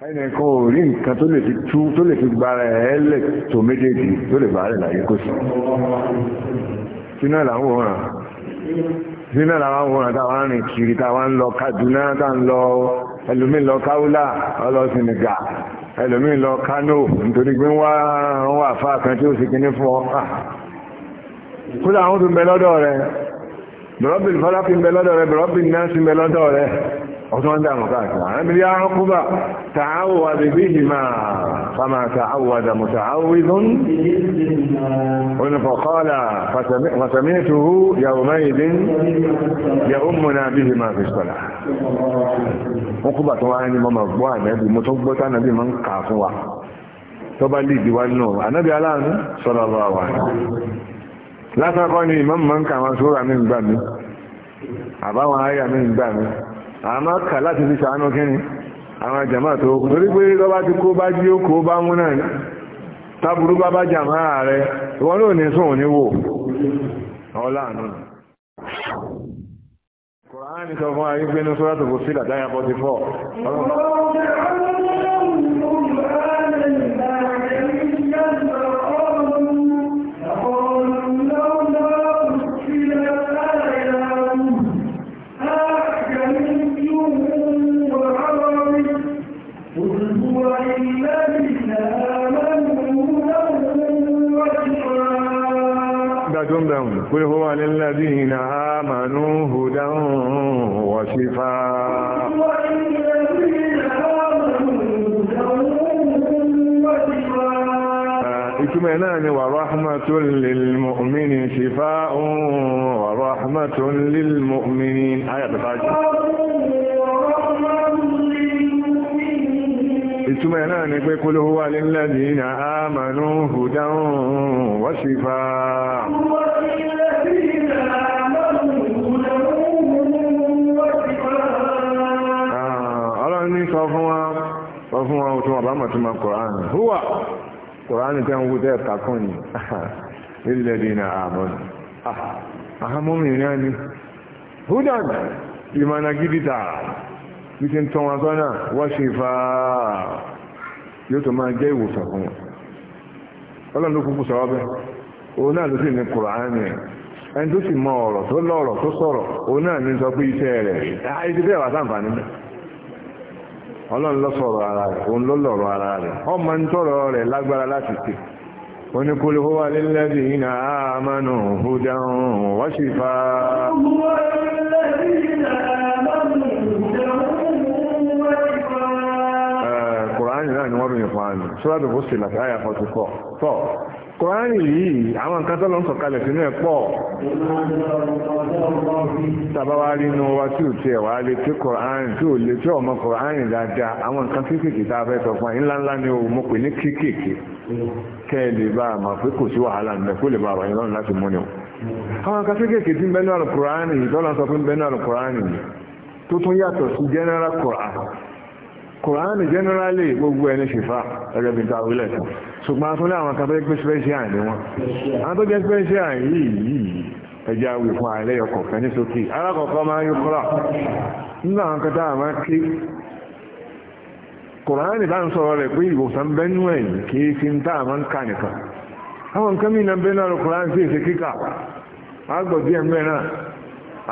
ẹnì kan ò rí nǹkan tó lè fi tú tó lè fi gbára ẹ̀ lẹ̀ tó méjèèjì tó lè bàárẹ̀ láyé kó sí sínú ẹ̀ làwọn òun ràn sínú ẹ̀ làwọn òun ràn táwọn arìn kiri táwọn ń lọ Kaduna táwọn ń lọ ẹlòmíín lọ Kaula ọlọ Senegal ẹlòmíín lọ Kano nítorí pé wá wọn wà fáà kan tí ó sì kíní fún ọ ah. kódà àwọn tó ń bẹ lọ́dọ̀ rẹ bẹ̀rọ̀bìn fọlápín bẹ lọ́dọ̀ rẹ bẹ̀rọ̀bìn náà sì ń bẹ lọ́dọ̀ rẹ ọ̀tọ́ ń dàmù káàkiri àrábìnrin arákùnbà tààwò àbẹ̀bí ìhìmá fama tààwò àdàmù tààwò ìdún onífọ̀kọ́lá fàtàmínìtòhú yàwó máyìdín yà ó múná bí ìhìmá fi sọ́lá wọ́n kúbà tó wáyé ní mọ́mọ̀ gbọ́ ànábì mo tó gbọ́ tánàbì máa ń kà fún wa tó bá lè di wá nù aláàánú sọ́lá lọ́wọ́ wa lásán kọ́ ni ìmọ̀ mọ́ ń kà wọn sóra mi ń gbà mí àbáwọn ayà mi ń gbà mí àmọ́ kà láti fi ṣàánú kíni àwọn jàmáà tó kù torí pé lọ́ba ti kó bá jí ó kó bá mú náà ní tábùrú bá bá jàmáà rẹ ìwọ́n ló ní sùn ní wò ọlá àánú Kùránì sọ fún ayé gbénú sọ́rọ̀ tó kò sí làdáyà 44 وهو للذين آمنوا هدى وشفاء إكمنان ورحمة للمؤمنين شفاء ورحمة للمؤمنين آية بفاجة إكمنان بكل هو للذين آمنوا هدى وشفاء ala ah, ní sọ fún wa sọ fún wa tó wà bá mọ̀ tó máa Qur'an húwà Qur'an tẹ́ ah, hudan ị gidita bí ti ń tọ́ wọn sọ́nà wọ́n ṣe fa yóò tó máa jẹ́ ìwòsàn fún náà ló ẹni tó sì mọ ọ̀rọ̀ tó lọ́rọ̀ tó sọ̀rọ̀ òun náà ní sọ pé iṣẹ́ rẹ̀ rí àìsí bẹ́ẹ̀ wà sáǹfààní bẹ́ẹ̀ ọlọ́run ló sọ̀rọ̀ ara rẹ̀ òun ló lọ̀rọ̀ ara rẹ̀ ọmọ ń tọ̀rọ̀ rẹ̀ lágbára láti pè oníkólé ó wà lẹ́lẹ́dì iná àmánù hudan wa shifa eh, Kùránì náà ni wọ́n bí mi fún àmì, ṣọ́lá kòránì yìí àwọn nǹkan tó lọ ń sọ̀kalẹ̀ sínú ẹ̀ pọ̀ tàbáwá rí inú wa tí ò tiẹ̀ wá lè tí kòránì tí ò lè tí ọmọ kòránì dáadáa àwọn nǹkan kéékèèké tá a fẹ́ sọ fún ni mo pè ní kéékèèké kẹ́ ẹ lè bá pé kò sí wàhálà kó lè kòránì generally gbogbo ẹni ṣìfà ẹgbẹ́ bí tàwílẹ̀ fún ṣùgbọ́n fún àwọn kan tó jẹ́ pé special ni wọ́n àwọn tó jẹ́ special yìí yìí ẹjẹ́ awì fún àìlẹ́ ọkọ̀ fẹ́ ní sókè alákọ̀ọ́kọ́ máa ń yí kọ́lá nínú àwọn kan táà máa kí kòránì bá ń sọ̀rọ̀ rẹ̀ pé ìwòsàn bẹ́nu ẹ̀yìn kì í fi ń táà máa ń kà nìkan àwọn nǹkan mìíràn bẹ́ẹ̀ náà kòránì sí èsì kíkà àgbọ̀dí ẹ̀mẹ́ náà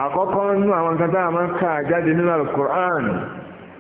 àkọ́kọ́ nínú àwọn kan táà máa ń kà jáde nínú àlùkòránì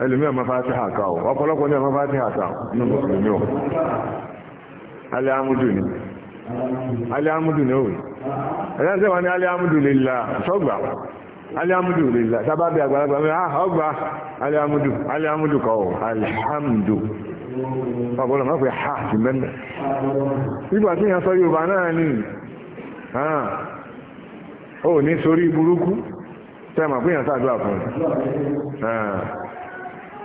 ẹlòmíà máa fàá ti hà ká o ọ̀pọ̀lọpọ̀ ní ọmọ fàá ti hà ká ní mùsùlùmí o alẹ́ amúdù ni alẹ́ amúdù ni òwe ẹ̀yà sẹ́wọ̀n ní alẹ́ amúdù lè la sọ́gbà alẹ́ amúdù lè la sábà bí àgbàlagbà mi ah ọgbà alẹ́ amúdù alẹ́ amúdù kọ́ o alhamdu ọ̀pọ̀lọpọ̀ máa fi ha sí mẹ́mẹ́ ibà tí yẹn sọ Yorùbá náà ni ah, ó ní sórí burúkú tẹ́ mà pé yẹn sáà dúà fún un. Ah.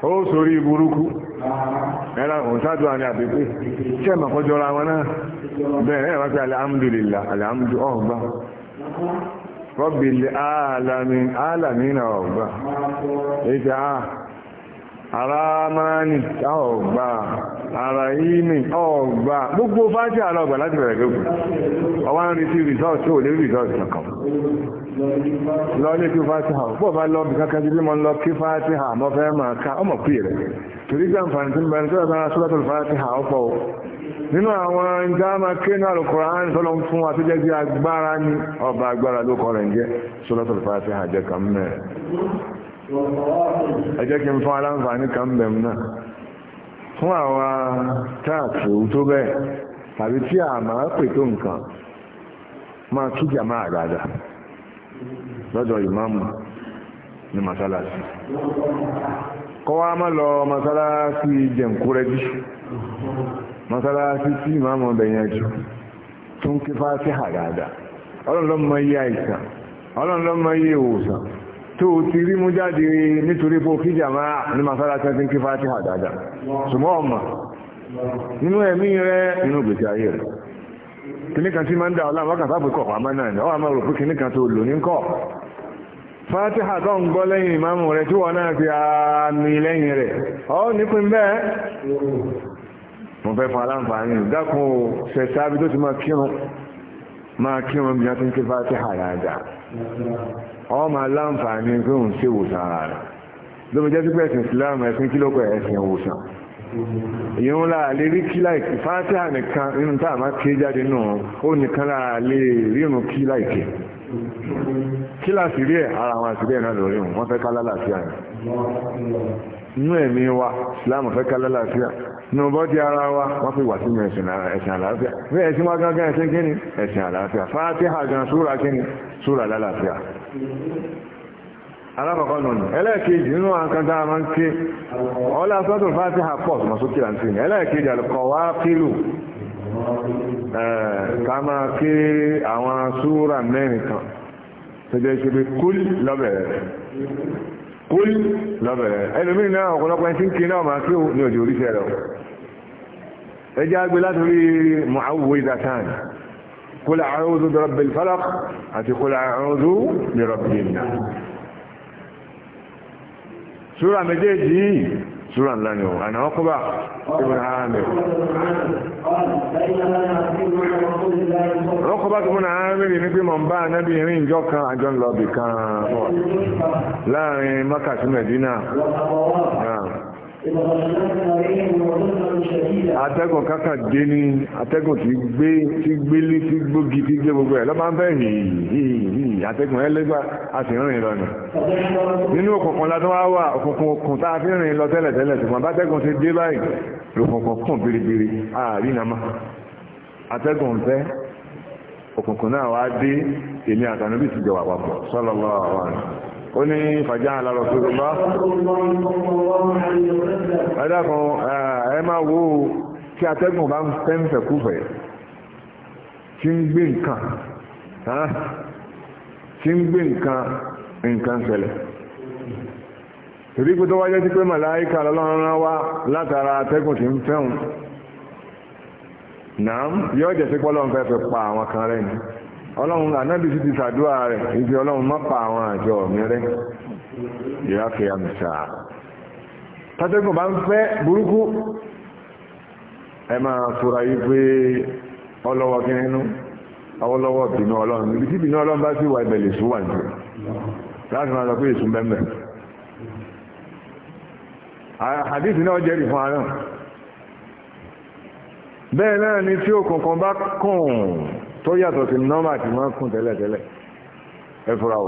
ó sórí burúkú ẹ̀rọ òǹsádùn àní àbíkú tí ẹ̀mà kọjọra wọn náà bẹ́ẹ̀ ẹ̀rọ pé alhamdulilá alhamdu ọ̀gbà alami na ọ̀gbà ètò a ah, aramani ọ̀gbà àràyìnì ọ̀gbà gbogbo fájì àlọ́gbà láti gbogbo ọwọ́n rí sí rìsọ́ọ̀tì lọ lé kí fatiha bó bá lọ bí kankan jíjí lọ kí fatiha mọ fẹ́ máa ka ọmọ pè rẹ̀ torí gbà nfààní tí ń bẹ̀rẹ̀ tó dára sọ́dọ̀ tó fatiha ọ̀pọ̀ o nínú àwọn ìdáàmà kéènà alukọ̀rán sọ́lọ́ fún wa tó jẹ́ agbára ọba agbára ló kọ́ rẹ̀ ń jẹ́ sọ́dọ̀ tó jẹ́ mẹ́rẹ̀ ẹ jẹ́ kí n fún aláǹfààní kan náà fún tó bẹ́ẹ̀ tàbí tí a nǹkan máa tújà lọ́dọ̀ ìmáàmù ní masalasi kọwa má lọ masalasi jẹ̀nkúrẹ́jú masalasi tí ìmáàmù ọbẹ̀yànjú tún kí fásí àdáadáa ọlọ́run ló iye àìsàn ọlọ́run ló iye ìwòsàn tó ti rí mú jáde nítorí pé kí jàmáà ní masalasi tí kìnní kan tí máa ń dà ọlá wákàtí àpòkọ̀ pàmọ́ náà ni ọ ma rò pé kìnní kan tó lò ní kọ́ fatiha tó ń gbọ́ lẹ́yìn ìmáàmù rẹ̀ tí náà fi àmì ọ nípin bẹ́ẹ̀ mo fẹ́ fún aláǹfààní dákun tó ti máa kírun máa kírun bí ti ń ké fatiha dáadáa ọ máa láǹfààní òun ṣe wòsàn ara lóbi ìyẹn láà lè rí kí láìkì fátíà nìkan nínú tá a máa ké jáde náà ó nìkan láà lè kí láìkì kí láti ara àwọn àti náà wọn wọ́n ká lálàáfíà ni inú wa ká lálàáfíà inú bọ́dí ara wa fi wà sínú àlàáfíà wa gángan ẹ̀sìn kíni ẹ̀sìn àlàáfíà alákọ̀ọ́kọ́ nọ̀nà ẹlẹ́ẹ̀kejì nínú àǹkàndá àmà ń ké ọlá sọ́tò fásitì àpọ̀ ọ̀sùn mọ̀sókè àǹtí ẹlẹ́ẹ̀kejì àlùkọ̀ wá kílù ká máa ké àwọn súúrà mẹ́rin kan tó jẹ́ ṣe pé kúlì lọ́bẹ̀rẹ̀ kúlì lọ́bẹ̀rẹ̀ ẹlòmíì náà ọ̀pọ̀lọpọ̀ ẹni tí ń ké náà kúlà àrùn òzú bẹ̀rẹ̀ bẹ̀rẹ̀ àti kúlà àrùn òzú bẹ̀rẹ̀ bẹ̀rẹ̀ súra méjèèjì yìí súra ńlá ni ó àná ọkọ́bà ibùn àmìr ọkọ́bà tó fún àmìr ní pé mọ̀ ń bá anábì rìn ìjọ kan àjọ ńlọbì kan láàrin Mákà sí Mẹ̀dínà náà atẹ́gùn kákà dé ní atẹ́gùn tí gbé tí gbélé tí gbógi tí gbé gbogbo ẹ̀ lọ́ba ń bẹ̀ hìhìhì atẹ́gùn ẹlẹ́gbà a sì rìn lọ nù. nínú òkùnkùn la tó wá wà òkùnkùn òkùn tá a fi rìn lọ tẹ́lẹ̀ tẹ́lẹ̀ ṣùgbọ́n bátẹ́gùn ti dé báyìí lòkùnkùn kùn biribiri àárín nàmá atẹ́gùn fẹ́ òkùnkùn náà wá dé èmi àtànúbì ti jọ wà papọ̀ sọ́lọ́lọ́ àwọn àná ó ní fàjá àlàrọ̀ tó lọ́lá ẹ̀dàkùn ẹ máa wo tí atẹ́gùn bá ń fẹ́ ń fẹ̀kúfẹ̀ tí ń gbé nǹkan tí ń gbé nǹkan nǹkan ṣẹlẹ̀ torí pé tó wáyé sí pé màláíkà lọ́lọ́run wá látara atẹ́gùn tí ń fẹ́hùn náà yóò jẹ́ sí pọ́lọ́ ń fẹ́ fi pa àwọn kan rẹ̀ ni ọlọ́run ànábì sì ti sàdúrà rẹ̀ ibi ọlọ́run má pa àwọn àjọ mi rẹ̀ ìráfẹ́ àmìsà tátẹ́gùn bá ń fẹ́ burúkú ẹ máa fura yí pé ọlọ́wọ́ kí nínú ọwọ́lọ́wọ́ bínú ọlọ́run ibi tí bínú ọlọ́run bá sì wà ìbẹ̀lẹ̀ sùn wà ní láti máa lọ pé èsùn bẹ́ẹ̀ àdìsí náà jẹ́rìí fún ara bẹ́ẹ̀ náà ni tí òkùnkùn bá kùn tó yàtọ̀ sí nọ́mà tí máa ń kùn tẹ́lẹ̀tẹ́lẹ̀ ẹ fura o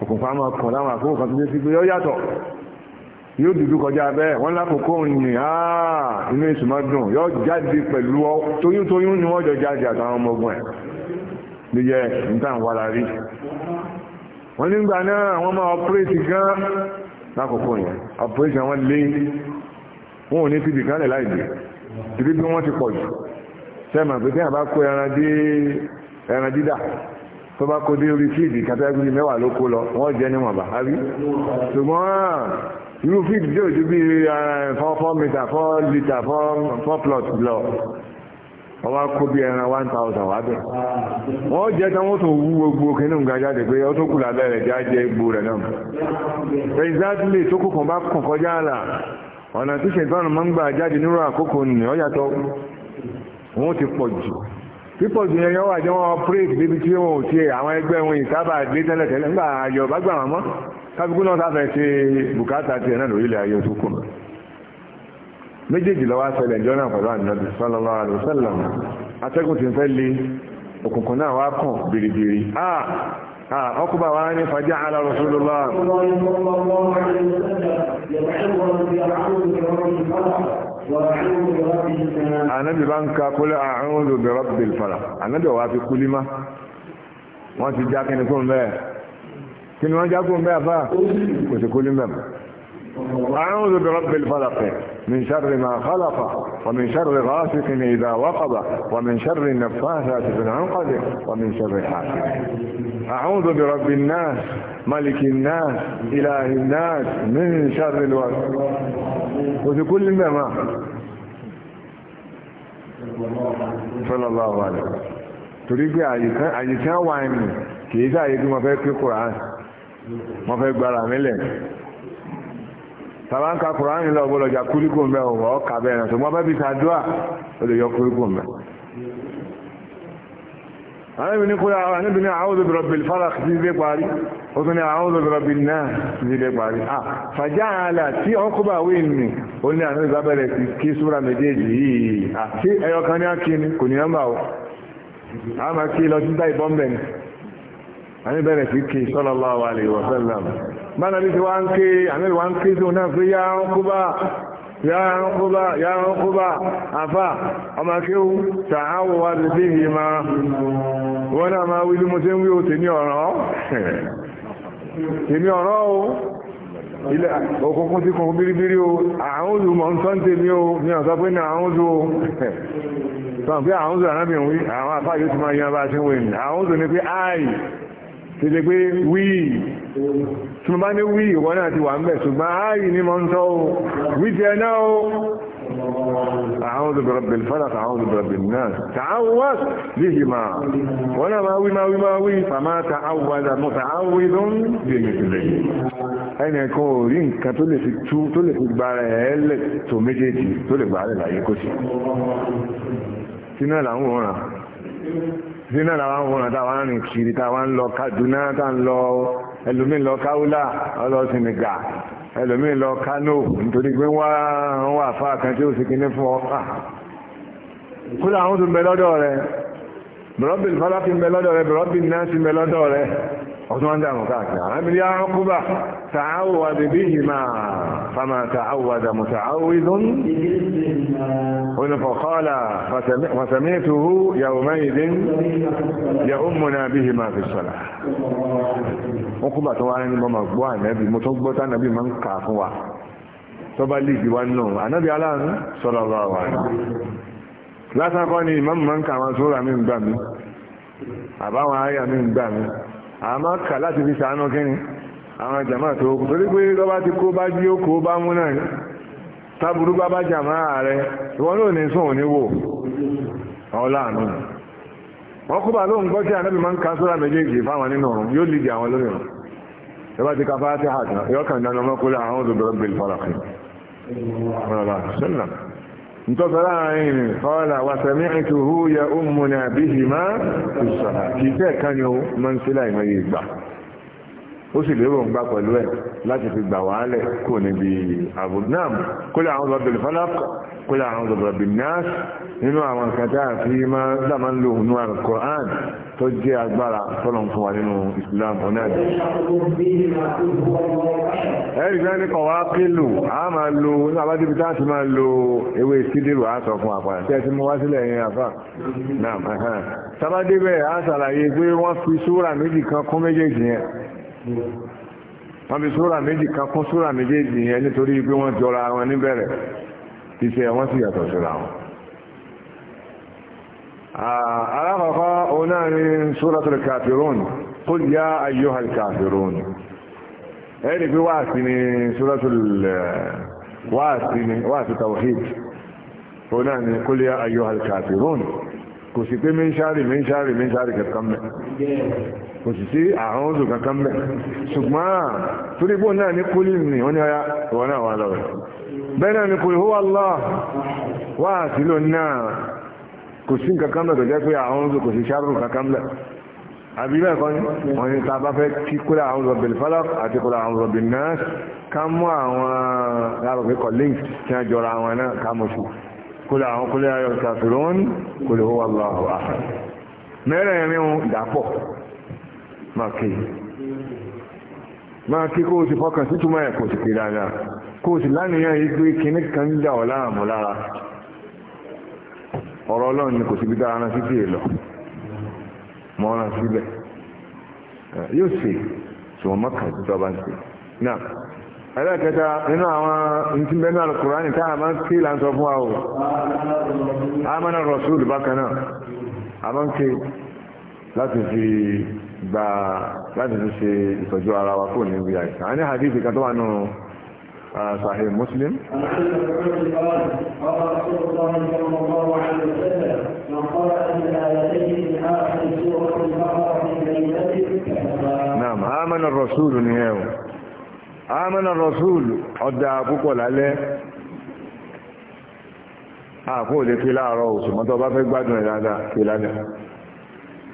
òkùnfà máa kùn láwọn àkókò kan tó dé sí pé ó yàtọ̀ yóò dúdú kọjá bẹ́ẹ̀ wọ́n lákòókò yìn áà inú èsù máa dùn yóò jáde pẹ̀lú ọ tóyún tóyún ni wọ́n jọ jáde àtàwọn ọmọ ogun ẹ̀ ló yẹ nǹkan wà lárí wọ́n nígbà náà wọ́n máa ọpírẹ́tì gan lákòókò yẹn ọpírẹ́tì wọn lé wọn ò ní fìdí kan lẹ̀ láì dé tìbí bí wọ́n ti pọ̀ jù sẹ́mà pé tí àbá kó ẹran dídà tó bá kó dé orí fíìdì kàtàkùnrin mẹ́wàá ló kó lọ wọ́n jẹ́ níwọ̀n bá rí ṣùgbọ́n irú fíìdì tí ò ju bí four four meter four litre four plot lọ wọ́n wá kó bí ẹran one thousand wá bẹ̀. wọ́n jẹ́ tán wọ́n tún wú gbogbo kínní nǹkan jáde pé ó tó kù lábẹ́ rẹ̀ já jẹ́ gbó rẹ̀ náà. exactly tó kù kàn bá kàn kọjá àlà ọ̀nà tí ṣètọ́nù máa ń gbà jáde nírú àkókò nìyọ́ yàtọ̀ wọ́n ti pọ̀ jù pípọ̀ jù yẹn wà jẹ́ wọn operate débi tí wọn ò tiẹ̀ àwọn ẹgbẹ́ wọn ìsábà dé tẹ́lẹ̀ tẹ́lẹ̀ nígbà Yorùbá gbà wọn mọ́ kábíkú náà sáfẹ́ ṣe bùkátà tiẹ̀ náà lórílẹ̀ ayé tó kù mọ́ méjèèjì lọ́wọ́ ṣẹlẹ̀ ìjọ náà pẹ̀lú ànábì sallallahu alaihi wasallam atẹ́gùn ti ń fẹ́ le òkùnkùn náà wá kàn bìrìbìrì ọkùnbà wá ní fàjá ala Rasulullah ànábì bá ń ka kólé àrùn lòdì rọ́bì fàlà ànábì ọ̀wá fi kú límá wọ́n ti já kíni fún bẹ́ẹ̀ kíni wọ́n já fún bẹ́ẹ̀ fà kò sí kú límá bẹ́ẹ̀. أعوذ برب الفلق من شر ما خلق ومن شر غاسق إذا وقب ومن شر النفاثات في العنقد ومن شر حاسد أعوذ برب الناس ملك الناس إله الناس من شر الوقت وفي كل ما صلى الله عليه وسلم تريد أن يكون وعيني كيف يكون ما القرآن ما فيه القرآن tàbá ń ka kùránì lọ gbọ́dọ̀ jà kúríkù mẹ́ ò wọ́ kà bẹ́ẹ̀ náà ṣùgbọ́n bá bí sàdúà ó lè yọ kúríkù mẹ́. àníbi ní kúrò àwọn àníbi ní àwọn òdòdó bìlì fara sí ilé parí ó tún ní àwọn òdòdó bìlì náà sí ilé parí. à fàjá àlà tí ọkùnbà wí ni ó ní àná ìbábẹ̀rẹ̀ sí kí súra méjèèjì yìí àti ah, ẹyọ kan ní akíní kò ní nọ́mbà o àmà kí lọ sí bánàbí ti wá ń ké àmìlì wá ń ké sí ọ̀nà pé yá ń kú bá yá ń kú bá yá ń kú bá àfà ọmọ kéwú tààwọ̀ wá ti fi hì máa wọ́n náà máa wí bí mo ti ń wí ó tèmi ọ̀rọ̀ tèmi o ilẹ̀ òkùnkùn ti kùnkùn bíríbírí o àwọn òjò mọ̀ ń tọ́ ń o ní ọ̀sán pé ní àwọn òjò sọ pé àwọn òjò àrábìnrin wí ti máa yan bá a ṣe ń ni àwọn òjò tẹ́lẹ̀ pé wíì tí mo bá ní wíì wọ́n náà ti wà ń bẹ̀ ṣùgbọ́n áàyì ní mọ́ ń tọ́ o wíì ti ẹ̀nà o a'udhu bi rabbil falaq a'udhu bi rabbin nas ta'awwaz bihima wọ́n náà máa wí máa wí máa wí fama ta'awwaza muta'awwidun bí èyí sí náà làwọn òun àtàwọn arìn kiri táwọn ń lọ Kaduna tá ń lọ ẹlòmíín lọ Kaula ọlọ sinigá ẹlòmíín lọ Kano nítorí pé wá wọn wà fáà kan tí ó sì kíní fún ọkà kúlà àwọn tó ń bẹ lọ́dọ̀ rẹ bùrọ́bì fọlá ti ń bẹ lọ́dọ̀ rẹ bùrọ́bì náà ti ń bẹ lọ́dọ̀ rẹ ọ̀tún wọn dàmú káàkiri àrábìlì arọ́kúbà tààwà bèbí ìhìmá fama tààwà dàmú tààwà ìdún onífọ̀kọ́lá fàṣẹ̀mẹ́tòhú yàwùmá ìdín yà ó múná bí ìhìmá fi sọ̀lá wọ́n kúbà tó wá ní mọ́mọ́ gbọ́ ànábì mo tó gbọ́ tánàbì máa ń kà fún wa tó bá lè ìwà náà ànábì aláàánú sọ̀rọ̀ lọ́wọ́ wa lásán kọ́ ni ìmọ̀ mọ̀ ń kà wọn sóra mi ń gbà mí àbáwọn ayà mi ń gbà mí àmọ́ kà láti fi sàánú kíni àwọn jàmá tó kù torí pé lọ́ba ti kó bá jí ó kó bá mú náà ni táburú bá bá jàmá rẹ ìwọ ló ní sùn òní wò ọlá àánú wọn kó bá lóun gbọ́ tí ànábì máa ń ka sóra méjèèjì fáwọn nínú ọ̀run yóò lè jẹ àwọn lórí ọ̀run lọ́ba ti ka fáyà tí a kàn dáná ọmọkùnrin àwọn olùdókòwò bẹ̀rẹ̀ fọlọ́kì ntọ́sọ láàrin rìn kọ́ọ̀lá wàsàmí ẹ̀tù hú ya ó múnà bí hìmá ìṣọ̀rà kìí tẹ́ ni ó máa ń sílá ìmọ̀ yìí gbà ó sì lérò ń gbá pẹ̀lú ẹ̀ láti fi gbà wá lẹ̀ kò níbi àbùdám kó lè àwọn ọ̀dọ̀bẹ̀ falak kó lè àwọn ọ̀dọ̀bẹ̀ nas nínú àwọn nǹkan tá a fi máa dáma ń lò nínú Al-Qur'an tó jẹ́ agbára tọ́lọ̀ fún wa nínú Islam ọ̀nà ẹ̀dẹ̀. ẹ̀rí fẹ́ ní kọ̀wá kílù a máa lo ní abájúbi tá pé wọ́n fi súra méjì kan kún méjèèjì yẹn wọ́n fi súrà méjì kan kún súrà méjèèjì yẹn nítorí pé wọ́n jọra wọn níbẹ̀rẹ̀ iṣẹ́ wọn sì yàtọ̀ síra wọn. alákọ̀ọ́kọ́ òun náà ni súratul kàfírún qul ya ayyuhal kàfírún ẹni pé wáàsí ni súratul wáàsí ni wáàsí tawhid òun náà ni qul ya ayyuhal kàfírún kò sì pé mínṣárì mínṣárì mínṣárì kẹ̀kọ́ mẹ́ kò sì sí àwọn oṣù kankan bẹ̀ ṣùgbọ́n torí bó náà ní kúlì ní wọ́n ní ọya ìwọ̀n náà wà lọ́wọ́ bẹ́ẹ̀ náà ní kúlì huwa Allah wà sí lò náà kò sí kankan bẹ̀ tó jẹ́ pé àwọn oṣù kò sí ṣáàrù kankan bẹ̀ àbí bẹ́ẹ̀ kọ́ ní wọ́n ní ta bá fẹ́ kí kúlà àwọn oṣù bil àti kúlà àwọn oṣù bin nas ká mú àwọn lábọ̀ pé kọ̀lẹ́yìn tí wọ́n jọra àwọn náà ká mọ̀ sí kúlà àwọn kúlà ayọ̀ kàfìrún kúlì huwa Allah àhà mẹ́rẹ̀ẹ̀rin máa ké máa kó o sì fọkàn sí túmọ̀ ẹ̀ kò sì dáadáa kó o sì lánìyàn yìí pé kinní ń dà ọ́ láàmú lára ọ̀rọ̀ ọlọ́run ni kò síbi dára náà títí èlò mọ́ra síbẹ̀ yóò ṣe ṣùgbọ́n mọ́kàn sí tọ́ba ń ṣe náà ẹlẹ́kẹta nínú àwọn a máa ń ké là sọ fún a ń ké láti fi gba láti fi ṣe ìtọ́jú ara wa kò ní ibi àìsàn a ní hadithi kan tó wà nù sahih muslim naam amana rasul ni ẹ o amana rasul ọ̀dà púpọ̀ lálẹ́ àkóò lè fi láàárọ̀ òṣùmọ́tọ̀ bá fẹ́ gbádùn ẹ̀ dáadáa fi lálẹ́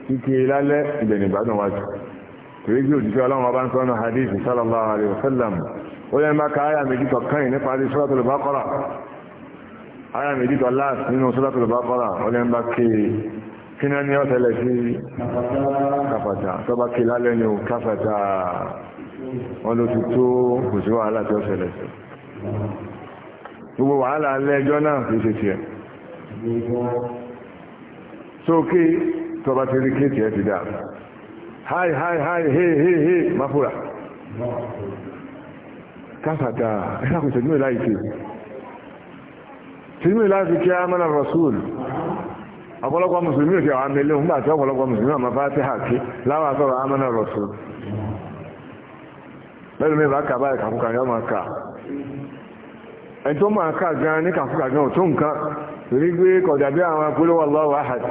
kíkiri lálẹ́ ibẹ̀ nìgbádùn wájú torí bí òjìṣẹ́ ọlọ́run ọba ń sọ́nà hadith sallallahu alayhi wa sallam ó yẹn bá ka àyà méjì tó kàn nípa àti suratul baqara àyà méjì tó láàs nínú suratul baqara ó yẹn bá ké kí ní ọ̀tẹ̀lẹ̀ sí kàfàtà tó bá ké lálẹ́ ní kàfàtà wọn ló ti tó kò sí wàhálà tó ṣẹlẹ̀ sí gbogbo wàhálà alẹ́ ẹjọ́ náà kì í ṣe tiẹ̀ sókè tó bá ti rí kéèkì ẹ ti dá hi hi hi hey hey hey mafura fúra káfàdà ẹ̀sàkùn tẹ̀lú ìlà ìtì tẹ̀lú ìlà fi kí á mọ́nà rasul ọ̀pọ̀lọpọ̀ mùsùlùmí ò ti àwọn amẹ́lẹ́ òun gbà tí ọ̀pọ̀lọpọ̀ mùsùlùmí àmọ́ bá ti hàkí láwọn àtọ́rọ̀ amọ́nà rasul lẹ́nu mi bá báyìí kàfúkà yọ máa kà ẹni tó máa kà gan ní kàfúkà gan ò tó nǹkan torí gbé kọjá bí àwọn akólówó Allahu ahad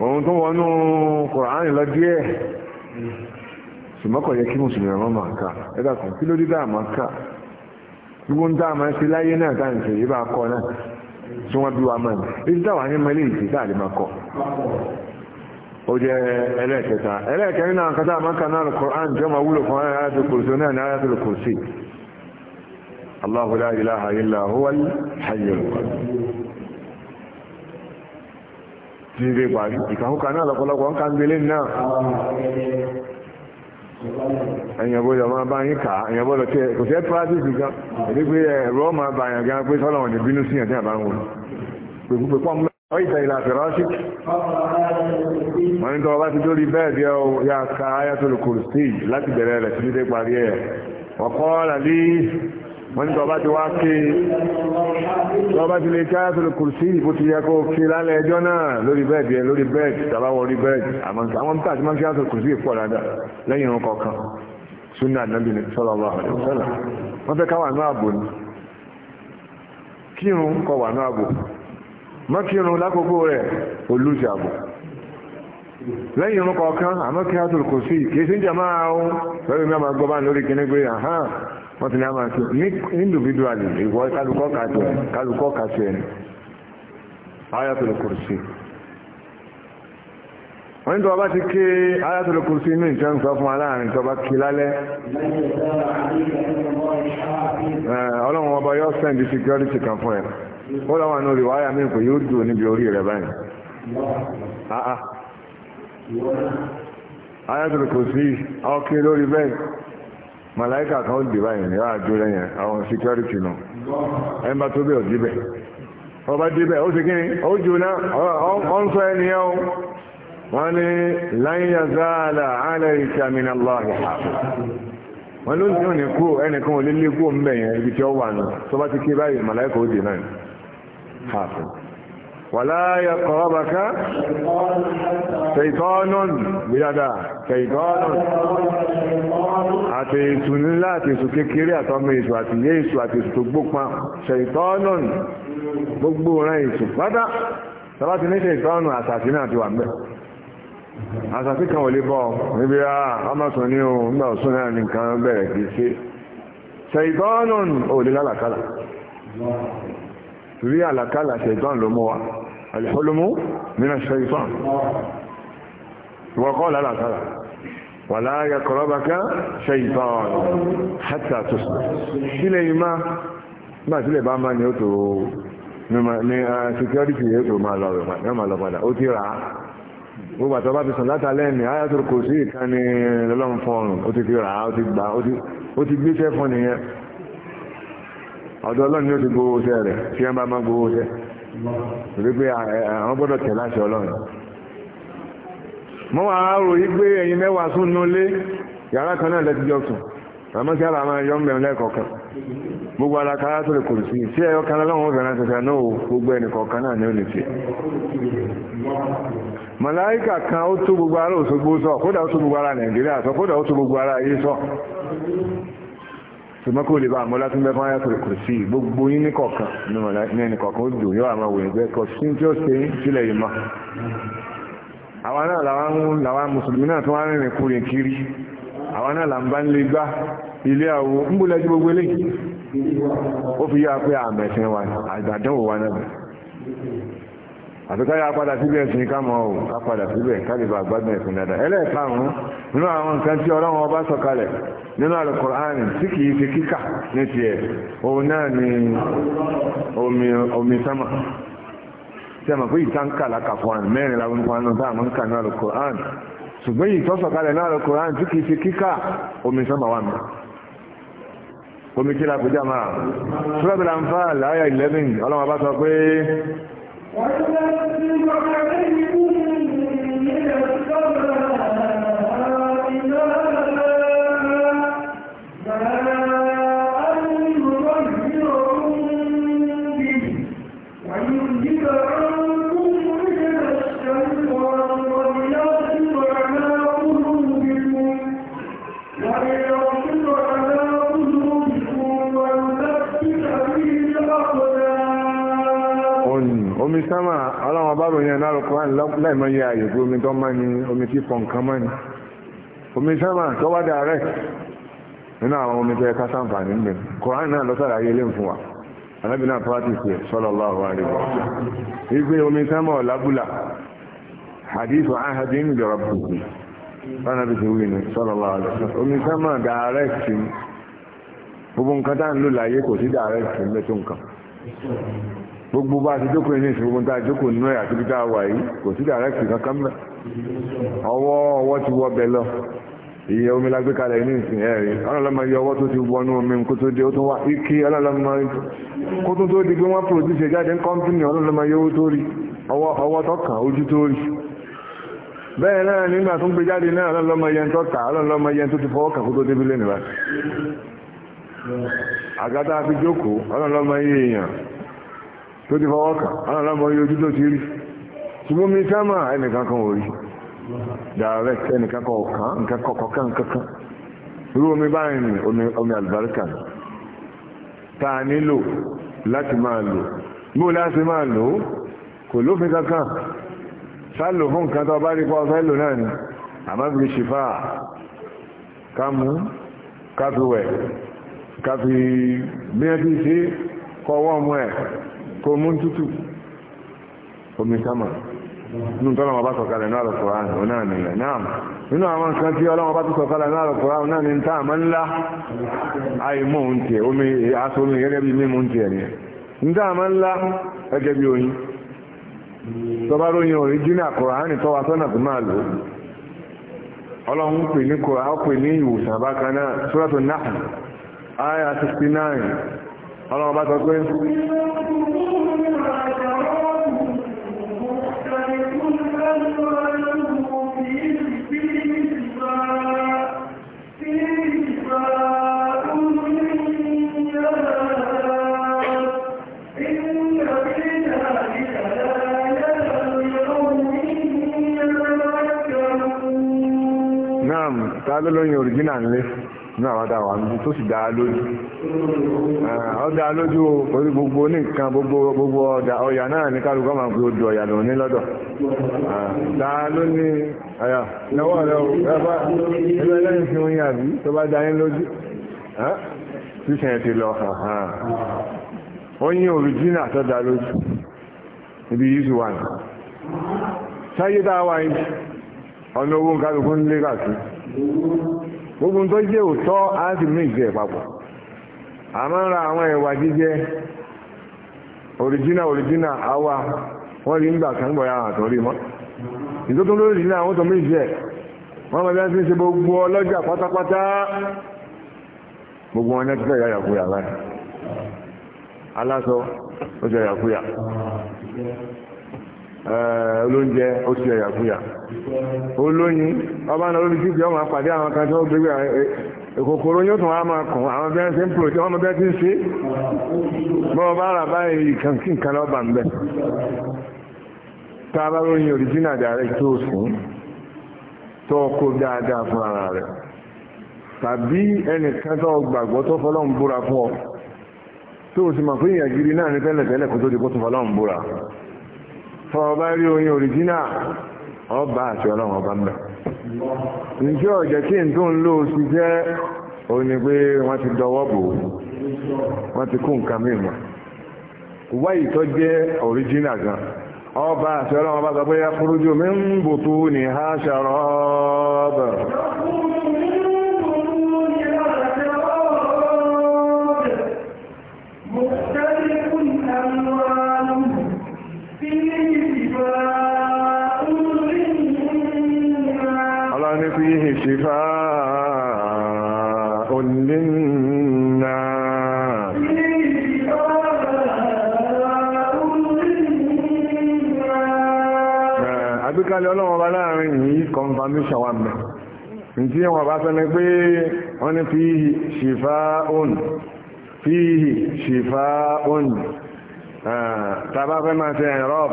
òun tó wọnú kòránì lọ díẹ̀ ṣùgbọ́n kò yẹ kí mùsùlùmí ọmọ máa ká ẹ̀dà kan kí ló dé dáa máa ká gbogbo ń dáa máa ṣe láyé náà tá à ń ṣe yìí bá kọ náà tí wọ́n bí wa máa ní èyí táwa ní mọ ìdí tá à lè máa kọ. ó jẹ́ ẹlẹ́ẹ̀kẹta ẹlẹ́ẹ̀kẹta nínú àwọn kátà máa náà kòránì tí wọ́n wúlò fún Ayatul Kursi náà ní Ayatul Kursi Allahu la tí ń fi parí ìkàkùkà náà lọ́pọ̀lọpọ̀ ń ká ń gbélé náà ẹ̀yìn ọ̀bọ̀dọ̀ máa bá yín kà ẹ̀yìn ọ̀bọ̀dọ̀ tí kò sí ẹ́tíráàtìsì gan èdè pé ẹ̀rọ máa bá yàn gan pé sọ́lọ́wọ̀n ní bínú sí àti àbáwọn òun pẹ̀lú pẹ̀lú pọ́n mẹ́rin ọ̀yìn ìtàyìlà àfẹ́rọ́ṣì wọ́n ní tọ́wọ́ bá ti dórí bẹ́ẹ̀ bí ọ yà ká ayatollah kùrùsì láti bẹ̀rẹ̀ rẹ̀ sí wọ́n ní tọba ti wá ké tọba ti lè káyà tó lè kùrùsí ìbò ti yẹ kó ké lálẹ́ ẹjọ́ náà lórí bẹ́ẹ̀dì ẹ lórí bẹ́ẹ̀dì tàbá wọrí bẹ́ẹ̀dì àwọn tí a ti máa ń káyà tó lè kùrùsí ìpọ̀ dáadáa lẹ́yìn ìran kọ̀ọ̀kan súnà nàbì ní sallallahu alaihi wasallam wọ́n fẹ́ ká wà náà bò ní kírun kọ wà náà bò mọ́ kírun lákòókò rẹ̀ olùsì àbò lẹ́yìn ìran kọ̀ọ̀kan àmọ́ káyà tó lè kùrùsí kì í sí jàmáà wọ́n ti ní àmà sí ní individually ìwọ kálukọ́ kàtó ẹ̀ kálukọ́ kàtó ẹ̀ ayatul kursi wọ́n tó ọba ti ké ayatul kursi inú ìjọ ń sọ fún aláàrin tó bá ké lálẹ́ ọlọ́run ọba yóò sẹ́ndì security kan fún ẹ̀ ó lọ́wọ́ àánú rí wáyà míì pé yóò dùn níbi orí rẹ̀ báyìí ah, ah. ayatul kursi ọkẹ́ lórí bẹ́ẹ̀ malaika kan ó dì ya ní àjò lẹ́yìn àwọn security nù ẹnba tó bẹ̀ ò ọba ó sì kí ni ó ń sọ o wọ́n ní láyé zaala alẹ́ ìsàmìnà lọ́ọ̀hìn wọ́n ló ń tí ní kú ẹnìkan ò ibi tí ó wà nù tó bá ti ké báyìí ولا يقربك شيطان بلدا شيطان àti èsù ńlá àti èsù kékeré àtọmọ èsù àti ilé èsù àti èsù tó gbópan ṣètọ́nù gbogbo ran èsù pátá tọ́lá ti ní ṣètọ́nù àsàsí náà ti wà mẹ́ àsàsí kan ò lè bọ́ níbi a ọmọsùn ní alìhólómú من الشيطان. وقال لا lálàtàrà ولا يقربك شيطان حتى ìfàn في tó ما في ìmá bá sílẹ̀ bá má ní ó tó ní security yóò tó máa lọ padà ó ti rà á gbogbo àtọ́ bá ti sàn látàlẹ́ ní ayatul kursi ìkan ní lọ́lọ́run fọ́ọ̀rùn ó ti fi rà ó ti gbà ó ti gbéṣẹ́ fún nìyẹn ọ̀dọ̀ ọlọ́run yóò ti gbowó iṣẹ́ rẹ̀ tí wọ́n bá máa gbowó iṣẹ́ torí pé eh, eh, àwọn gbọ́dọ̀ tẹ̀ láṣẹ ọlọ́run mọ́ wàá rò yí pé ẹ̀yin mẹ́wàá sùn nulé yàrá kan náà àmọ́ sí gbogbo alákàrà tó lè kò sí sí ẹ̀yọ́ kan lọ́wọ́ gbogbo náà gbogbo ara Òṣogbo sọ kódà ó gbogbo ara Nàìjíríà sọ kódà ó gbogbo ara sọ ṣùgbọ́n kò lè bá àmọ́ látún bẹ́ẹ̀ fún ayákùrẹ́ kò sí gbogbo yín ní kọ̀ọ̀kan ní ẹnì kọ̀ọ̀kan ó dùn yóò àmọ́ wòye bẹ́ẹ̀ kọ̀ sí tí ó ṣe ń sílẹ̀ yìí mọ́. àwa náà làwọn làwọn mùsùlùmí náà tó wá rìnrìn kúrin kiri àwa náà là ń bá ń gbá ilé àwo ń bú lẹ́jú gbogbo eléyìí ó fi yá pé àmẹ̀sìn wa àgbàdánwò wa náà àtúkà yà padà síbẹ̀ sí ká mọ̀ ọ́ ká padà síbẹ̀ kálíbà gbádùn ẹ̀sìn dáadáa ẹlẹ́ẹ̀karùn-ún nínú àwọn nǹkan tí ọlọ́run ọba sọ̀kalẹ̀ nínú alukur'an tí kìí ṣe kíkà ní tiẹ̀ òun náà ni omi omi sámà tí a mọ̀ pé ìtànkà lákàfọ́n mẹ́rin làwọn nǹkan tá a mọ̀ ń kà ní alukur'an ṣùgbọ́n yìí tọ́sọ̀ kalẹ̀ ní alukur'an tí kìí ṣe kíkà omi sama wà mí omi kí la kó jà máa sọ́dọ̀ bí la ń fa àlàyé 11 ọlọ́run ọba sọ pé وَإِذَا تُتْلَىٰ عَلَيْهِمْ yẹn lára Kùránì láìmọ́ yẹ ààyè omi tó máa ní omi tí fọ nǹkan máa ní omi sábà tó wá dàrẹ́ nínú àwọn omi tó yẹ ká sáǹfààní ń bẹ náà lọ́sàrà ayé lè fún wa alábì náà pàtìsì ẹ̀ sallallahu alaihi wa omi sábà ọ̀làbùlà hadith ahadin bi rabbihi lọ́nà bí ti wí ni sallallahu alaihi omi gbogbo gbogbo bá ti jókòó ní ìṣòro tá a jókòó nínú ẹ̀ àti bíta wà yìí kò sí dàrẹ́kì kankan mẹ́ ọwọ́ ọwọ́ ti wọ́ bẹ lọ iye omi la gbé kalẹ̀ ní ìsìn ẹ̀rí ọlọ́lọ́mọ iye ọwọ́ tó ti wọnú omi kó tó dé ó tó wá ike ọlọ́lọ́mọ kó tó tó di pé wọ́n pòdúsì jáde ní kọ́mpínì ọlọ́lọ́mọ iye owó tó rí ọwọ́ tọ́kàn ojú tó rí bẹ́ẹ̀ náà nígbà tó ń gbé jáde náà ọlọ́lọ́mọ iye tó kà ọlọ́lọ́mọ iye tó ti fọwọ́ kà kó tó débi lẹ́nu rẹ̀ àgádá fi jókòó ọlọ́lọ́mọ iye èèyàn tó ti fọwọ́ kàn àwọn ọlọ́mọ yóò ojú tó ti rí ṣùgbọ́n mi sáàmà ẹnìkan kan ò rí direct ẹnìkan kan ọ̀kan nǹkan kọ̀ọ̀kan kankan irú omi báyìí ni omi àlùbáríkà tá a nílò láti máa lò bó láti máa lò ó kò lófin kankan sálò fún nǹkan tó bá rí pa ọ̀fẹ́ lò náà ni àmọ́ fi ṣìfà ká mú ká fi wẹ̀ ká fi bí wọ́n ti ṣe kọ́ ọwọ́ ọmọ ẹ̀ kò mú tútù omi sámà nínú tọ́lá bá sọ̀kalẹ̀ náà lọ́kùnrin náà nìyẹn náà nínú àwọn nǹkan tí ọlọ́wọ́n bá sọ̀kalẹ̀ náà lọ́kùnrin àná ní ta àmọ́ ńlá àìmọ̀ òun tiẹ̀ omi aṣọ omi gẹ́gẹ́ bí mímú òun tiẹ̀ nìyẹn ní ta àmọ́ ńlá gẹ́gẹ́ bí oyin lóyin tọ́wa sọ́nà tó máa lò ọlọ́run pè ní ó pè ní ìwòsàn bákan náà ọlọ́run bá sọ pé Naam, ta ló lóyìn òrìjínà ńlé? ní àwọn adáwà lójú ọ lójú orí gbogbo ní nǹkan gbogbo ọjà ọyà náà ní fi odò ọyà lòun ní lọ́dọ̀ dáa ló ní lọ́wọ́ lẹ́yìn fi oyin àbí tó bá lójú sísẹ̀ ti lọ oyin òrìjínà tó dáa lójú ibi yìí wà náà gbogbo tó jẹ́ òótọ́ á sì mú ìjẹ́ papọ̀ àmọ́ ra àwọn ẹ̀wà jíjẹ òrìjínà òrìjínà àwa wọ́n rí nígbà kan gbọ̀ya àtọ̀ rí mọ́ ìtótó lórí ìjìnà àwọn tó mú ìjẹ́ wọ́n mọ̀ bí ti ṣe gbogbo ọlọ́jà pátápátá gbogbo wọn ní ẹtí fẹ́ yàyàkúyà láì aláṣọ ó jẹ yàkúyà Eh, olóúnjẹ ó ti ẹ̀yà fúyà olóyin ọba náà lórí títí ọmọ àpàdé àwọn kan tó gbégbé eh, kòkòrò yóò tún wá máa kàn àwọn bẹ́ẹ̀ ṣe ń pòrò tí wọ́n bẹ́ẹ̀ ti ń ṣe báyìí kàǹkì nǹkan lọ́ba ń bẹ̀ tá a bá lóyin òrìjínà dàrẹ́ tó sùn tó kó dáadáa fún ara rẹ tàbí tó gbàgbọ́ tó búra fún ọ tó o sì mọ̀ tọ́ bá rí oyin ọba àti ọba mẹ́ ǹjẹ́ ọ̀jẹ̀ tí n tó ń lò sí jẹ́ ó ti dọwọ́ bò ti tọ jẹ́ gan ọba àti ọba sọ pé akúrújú mi tó ní ha foundation wa mẹ́ ntí wọn bá sọ ni pé wọ́n ní fíhì ṣìfà òun fíhì ṣìfà òun tàbá fẹ́ máa ṣe ẹ̀rọ́b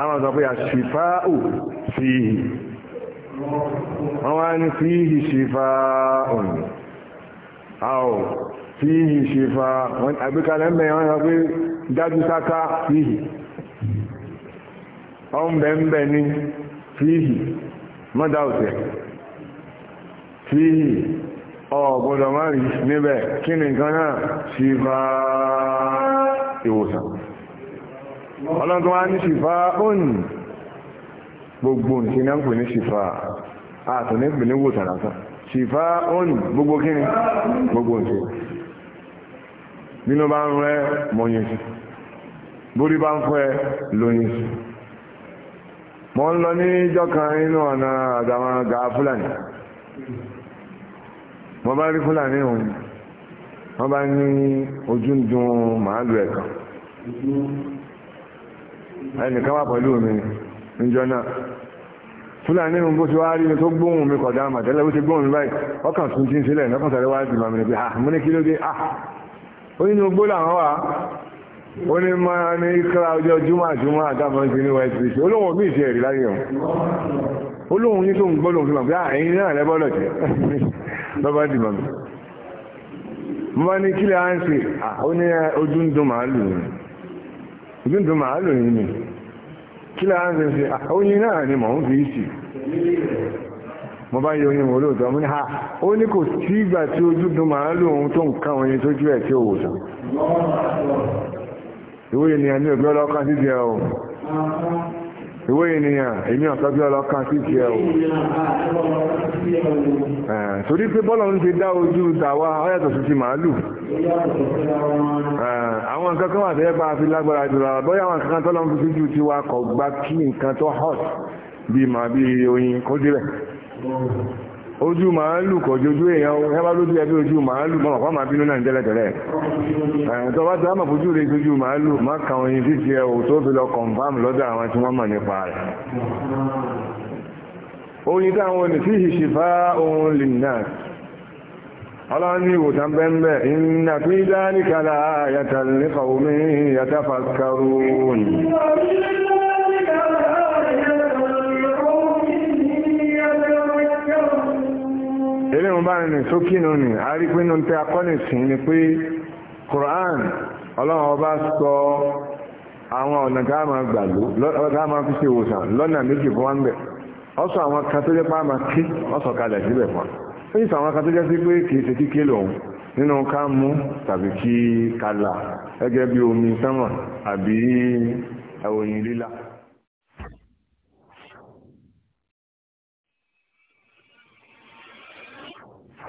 àwọn sọ pé àṣìfà ò fíhì wọ́n wá ní fíhì ṣìfà òun àwọ̀ fíhì ṣìfà àgbékalẹ̀ ń bẹ̀rẹ̀ wọ́n sọ pé dájú sáká fíhì ọ̀nbẹ̀ńbẹ̀ ni fíhì mọ́dá òtẹ̀ fíhì ọ̀gbọ́dọ̀ má rí níbẹ̀ kí ni nǹkan náà sí bá ìwòsàn ọlọ́gbọ́n wá ní sífà òní gbogbo nìkí náà ń pè ní sífà àtọ̀ ní pè ní wòsàn lásán sífà òní gbogbo kí ni gbogbo nìkí nínú bá ń rẹ mọ́yìn sí bórí bá ń fẹ́ lóyìn sí mọ́ ń lọ ní jọ́kan inú ọ̀nà àgbàwọn gàá fúlàní mo bá rí fúlàní òun wọ́n bá ní ojú ń dun màálù ẹ̀kan ẹnìkan wà pẹ̀lú mi níjọ́ náà fúlàní òun bó ti wá rí mi tó gbóhùn mi kọ̀dá àmà tẹ́lẹ̀ bó ti gbóhùn mi báyìí ọkàn tún ti ń sílẹ̀ lọ́kàn sáré mi ni pé ah mo ní kí ló dé ah ó ní máa ní kíra ọjọ́ júmọ̀ àjúmọ̀ àtàwọn ti ní west beach olóhùn omi ìṣe ẹ̀rí láyé wọn olóhùn yín tó ń gbọ́dọ̀ fún mi pé àyìn náà lẹ́bọ́dọ̀ jẹ́ lọ́ba dìbò mi mo bá ní kílẹ̀ á ń ṣe ó ní ojú ń dùn màálù yìí ojú ń dùn màálù yìí ni kílẹ̀ á ń ṣe ṣe oyin náà ni mò ń fi ṣì mo bá yọ oyin olóòtọ́ mo ní ha ó ní kò sí tí ojú màálù ohun tó nǹkan oyin tójú ẹ̀ tí ò wòsàn ìwé ènìyàn ní òbí ọlọ́kàn sí jẹ́ o ìwé ènìyàn èmi ọ̀sọ́ bí ọlọ́kàn sí jẹ́ o torí pé bọ́lọ̀ ń ti dá ojú tàwa ọ̀yàtọ̀ sí ti màálù àwọn nǹkan kan wà tẹ́lẹ̀ bá fi lágbára jùlọ bóyá àwọn nǹkan tọ́lọ́ ń fi ju tiwa kọ̀ gba kí nǹkan tó hot bíi màá bíi oyin kó débẹ̀ ojú màálù kọjú ojú èèyàn ẹbá lójú ẹbí ojú màálù mọ́ ọ̀pá màá bínú náà ń tẹ́lẹ̀ tẹ́lẹ̀ ẹ̀tọ́ bá ti àmà fojú rẹ̀ ojú màálù má ka oyin fífi ẹwò tó fi lọ kọ̀ǹfàmù lọ́dọ̀ àwọn tí wọ́n mọ̀ nípa rẹ̀ oyin táwọn òní sí ìṣìfà ohun lè náà ọlọ́ni ìwòsàn bẹ́ẹ̀bẹ́ iná fi dáníkàlá yàtàlẹ́fà omi yàtàfà karùn-ún eléyìn bá rìn sókè ni a kọ́ ní sìn ni pé Quran ọlọ́run ọba sọ àwọn ọ̀nà tá a máa gbà ló tá a máa fi ṣe ìwòsàn lọ́nà méjì fún wọn bẹ̀ ọ sọ àwọn kan tó jẹ́ pé a máa ké ọ sọ kalẹ̀ síbẹ̀ fún ó sọ àwọn kan tó jẹ́ sí kala gẹ́gẹ́ bí omi àbí ẹ̀wòyìn